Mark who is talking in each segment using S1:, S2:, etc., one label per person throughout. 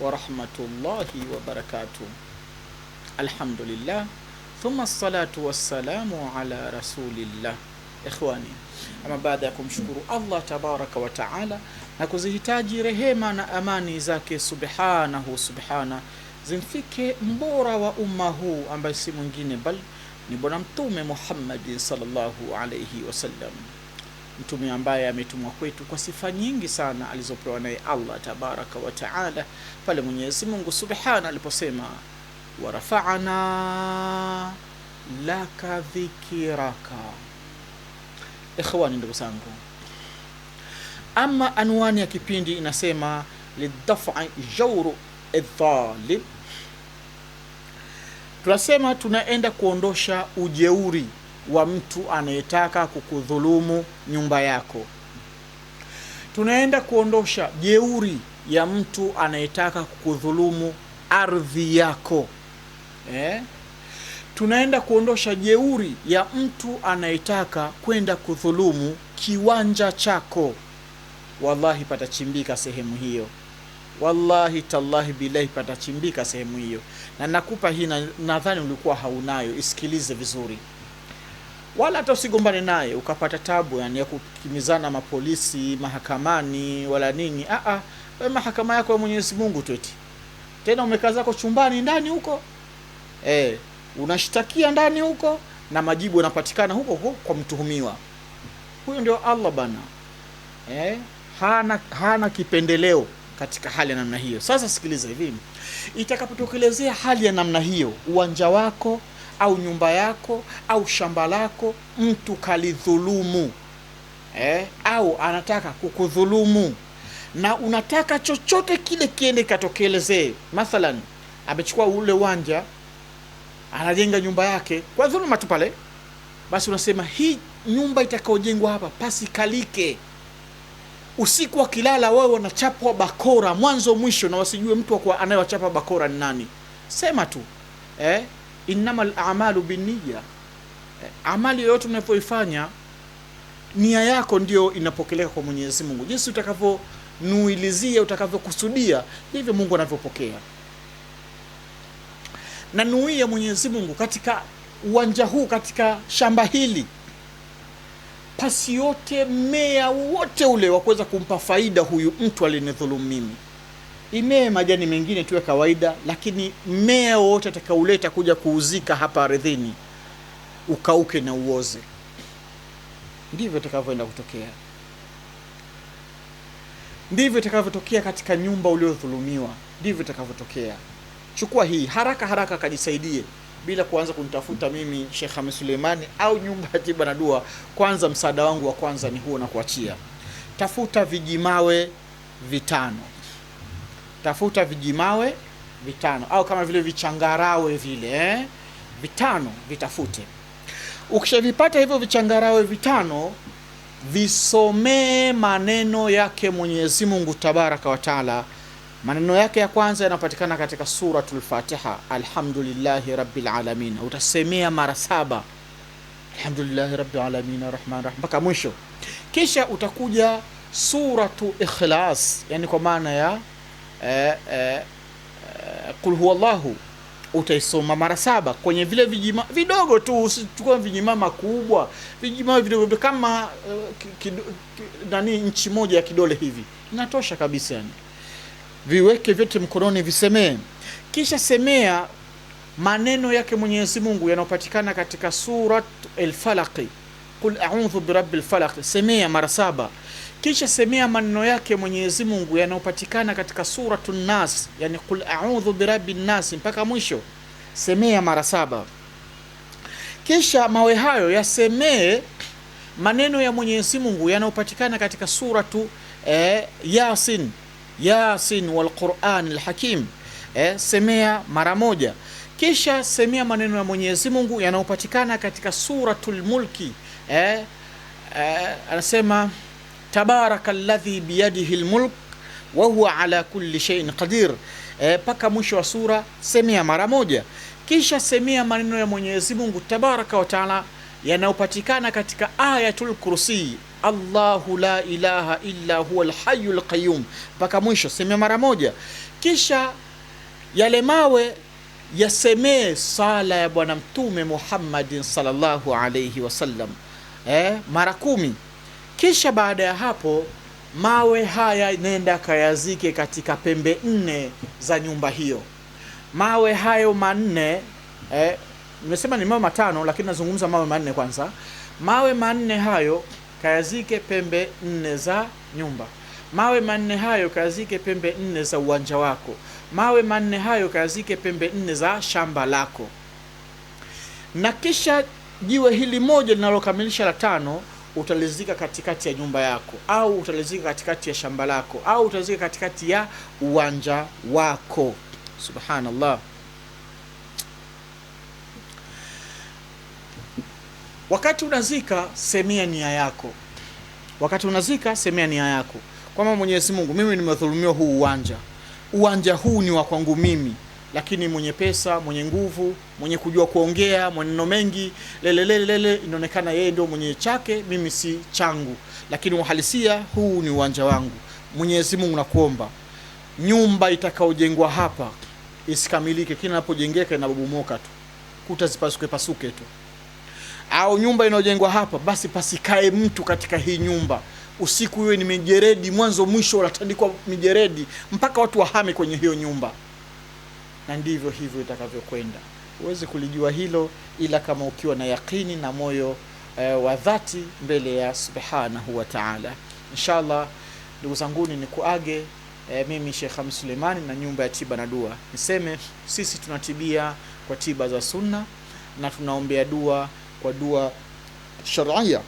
S1: wa rahmatullahi wa barakatuh. Alhamdulillah thumma salatu wassalamu ala rasulillah. Ikhwani, ama baada ya kumshukuru Allah tabaraka wa taala na kuzihitaji rehema na amani zake subhanahu subhana zimfike mbora wa umma huu ambaye si mwingine bali ni Bwana Mtume Muhammadin sallallahu alayhi wasallam mtume ambaye ametumwa kwetu kwa sifa nyingi sana alizopewa naye Allah tabaraka wa taala, pale Mwenyezi Mungu subhana aliposema warafa'na laka dhikiraka. Ikhwani, ndugu zangu, ama anwani ya kipindi inasema lidaf'i jawru adh-dhalim, tunasema tunaenda kuondosha ujeuri wa mtu anayetaka kukudhulumu nyumba yako. Tunaenda kuondosha jeuri ya mtu anayetaka kukudhulumu ardhi yako eh? Tunaenda kuondosha jeuri ya mtu anayetaka kwenda kudhulumu kiwanja chako. Wallahi patachimbika sehemu hiyo, wallahi tallahi bilahi patachimbika sehemu hiyo, na nakupa hii, nadhani ulikuwa haunayo. Isikilize vizuri wala hata usigombane naye ukapata tabu yani ya kukimizana mapolisi mahakamani wala nini. Aa, ah, ah, we mahakama yako ya Mwenyezi Mungu tu eti tena umekaa zako chumbani ndani huko e, unashtakia ndani huko na majibu yanapatikana huko huko kwa mtuhumiwa huyo. Ndio Allah bana e, hana, hana kipendeleo katika hali ya namna hiyo. Sasa sikiliza hivi, itakapotokelezea hali ya namna hiyo, uwanja wako au nyumba yako au shamba lako mtu kalidhulumu, eh, au anataka kukudhulumu na unataka chochote kile kiende katokelezee. Mathalan, amechukua ule uwanja anajenga nyumba yake kwa dhuluma tu pale, basi unasema hii nyumba itakaojengwa hapa pasikalike, usiku kilala, wewe wanachapwa bakora mwanzo mwisho, na wasijue mtu anayewachapa bakora ni nani. Sema tu eh? innamal a'malu binniya, amali yoyote mnapoifanya nia yako ndio inapokeleka kwa Mwenyezi Mungu. Jinsi utakavyonuilizia, utakavyokusudia, ndivyo Mungu anavyopokea. Na nuia Mwenyezi Mungu katika uwanja huu, katika shamba hili, pasi yote, mmea wote ule wa kuweza kumpa faida huyu mtu alinidhulumu mimi imee majani mengine tu ya kawaida, lakini mmea wowote atakauleta kuja kuuzika hapa ardhini ukauke na uoze, ndivyo itakavyoenda kutokea, ndivyo itakavyotokea katika nyumba uliodhulumiwa, ndivyo itakavyotokea. Chukua hii haraka haraka, kajisaidie bila kuanza kunitafuta mimi Sheikh Hamis Suleimani au nyumba ya tiba na dua. Kwanza msaada wangu wa kwanza ni huo na kuachia, tafuta vijimawe vitano tafuta vijimawe vitano au kama vile vichangarawe vile eh? Vitano vitafute. Ukishavipata hivyo vichangarawe vitano, visomee maneno yake Mwenyezi Mungu tabaraka wa taala. Maneno yake ya kwanza yanapatikana katika Suratul Fatiha, alhamdulillahi rabbil alamin. Utasemea mara saba, alhamdulillahi rabbil alamin arrahman arrahim mpaka mwisho. Kisha utakuja Suratu Ikhlas, yani kwa maana ya Eh, eh, eh, qul huwa llahu utaisoma mara saba kwenye vile vijima vidogo tu, usichukua vijima makubwa, vijima vidogo kama uh, nani nchi moja ya kidole hivi inatosha kabisa, yani viweke vyote mkononi, visemee, kisha semea maneno yake Mwenyezi Mungu yanayopatikana katika Surat Al-Falaq, Qul a'udhu birabbil falaq, semea mara saba. Kisha semea maneno yake Mwenyezi Mungu yanayopatikana katika suratu Nas, yani qul a'udhu birabi nasi, mpaka mwisho. Semea mara saba. Kisha mawe hayo yasemee maneno ya Mwenyezi Mungu yanayopatikana katika suratu eh, Yasin, Yasin wal Qur'an al Hakim. Eh, semea mara moja. Kisha semea maneno ya Mwenyezi Mungu yanayopatikana katika suratul Mulki. Eh, eh, anasema tabaraka alladhi biyadihi lmulk wa huwa ala kulli shay'in qadir, mpaka e, mwisho wa sura. Semea mara moja, kisha semea maneno ya Mwenyezi Mungu tabaraka wa taala yanayopatikana katika Ayatul Kursi, Allahu la ilaha illa huwa lhayu lqayum mpaka mwisho. Semea mara moja, kisha yale mawe yasemee sala ya Bwana Mtume Muhammadin sallallahu alayhi wasallam eh, mara kumi. Kisha baada ya hapo mawe haya nenda kayazike katika pembe nne za nyumba hiyo. Mawe hayo manne eh, nimesema ni mawe matano, lakini nazungumza mawe manne kwanza. Mawe manne hayo kayazike pembe nne za nyumba. Mawe manne hayo kayazike pembe nne za uwanja wako. Mawe manne hayo kayazike pembe nne za shamba lako, na kisha jiwe hili moja linalokamilisha la tano utalizika katikati ya nyumba yako au utalizika katikati ya shamba lako au utalizika katikati ya uwanja wako. Subhanallah. Wakati unazika semea nia yako, wakati unazika semea nia yako kwamba Mwenyezi Mungu, mimi nimedhulumiwa huu uwanja, uwanja huu ni wa kwangu mimi lakini mwenye pesa, mwenye nguvu, mwenye kujua kuongea, maneno mengi lelelelele, inaonekana yeye ndio mwenye chake, mimi si changu. Lakini uhalisia huu ni uwanja wangu. Mwenyezi Mungu nakuomba, nyumba itakaojengwa hapa isikamilike, kila inapojengeka inabomoka tu, kuta zipasuke pasuke tu, au nyumba inayojengwa hapa basi pasikae mtu katika hii nyumba usiku, iwe ni mijeredi mwanzo mwisho, unatandikwa mijeredi mpaka watu wahame kwenye hiyo nyumba na ndivyo hivyo itakavyokwenda. Huwezi kulijua hilo ila kama ukiwa na yaqini na moyo e, wa dhati mbele ya subhanahu wa taala. Inshallah ndugu zanguni, ni kuage e, eh, mimi Sheikh Hamis Suleimani na nyumba ya tiba na dua, niseme sisi tunatibia kwa tiba za sunna na tunaombea dua kwa dua sharia.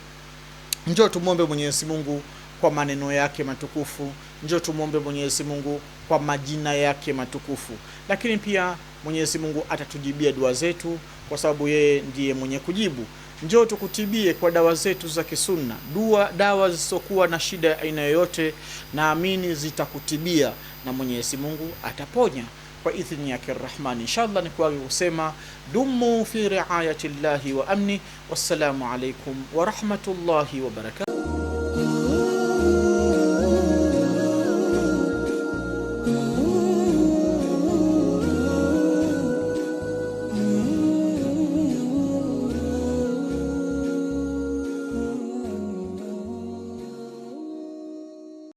S1: Njoo tumwombe Mwenyezi Mungu kwa maneno yake matukufu. njo tumwombe Mwenyezi Mungu kwa majina yake matukufu, lakini pia Mwenyezi Mungu atatujibia dua zetu, kwa sababu yeye ndiye mwenye kujibu. njo tukutibie kwa dawa zetu za kisunna, dua dawa zisizokuwa na shida ya aina yoyote. Naamini zitakutibia na Mwenyezi Mungu ataponya kwa idhini yake Rahman. Inshallah, nikuage kusema dumu fi riayati llahi wa amni. Wassalamu alaikum wa rahmatullahi wa barakatuh.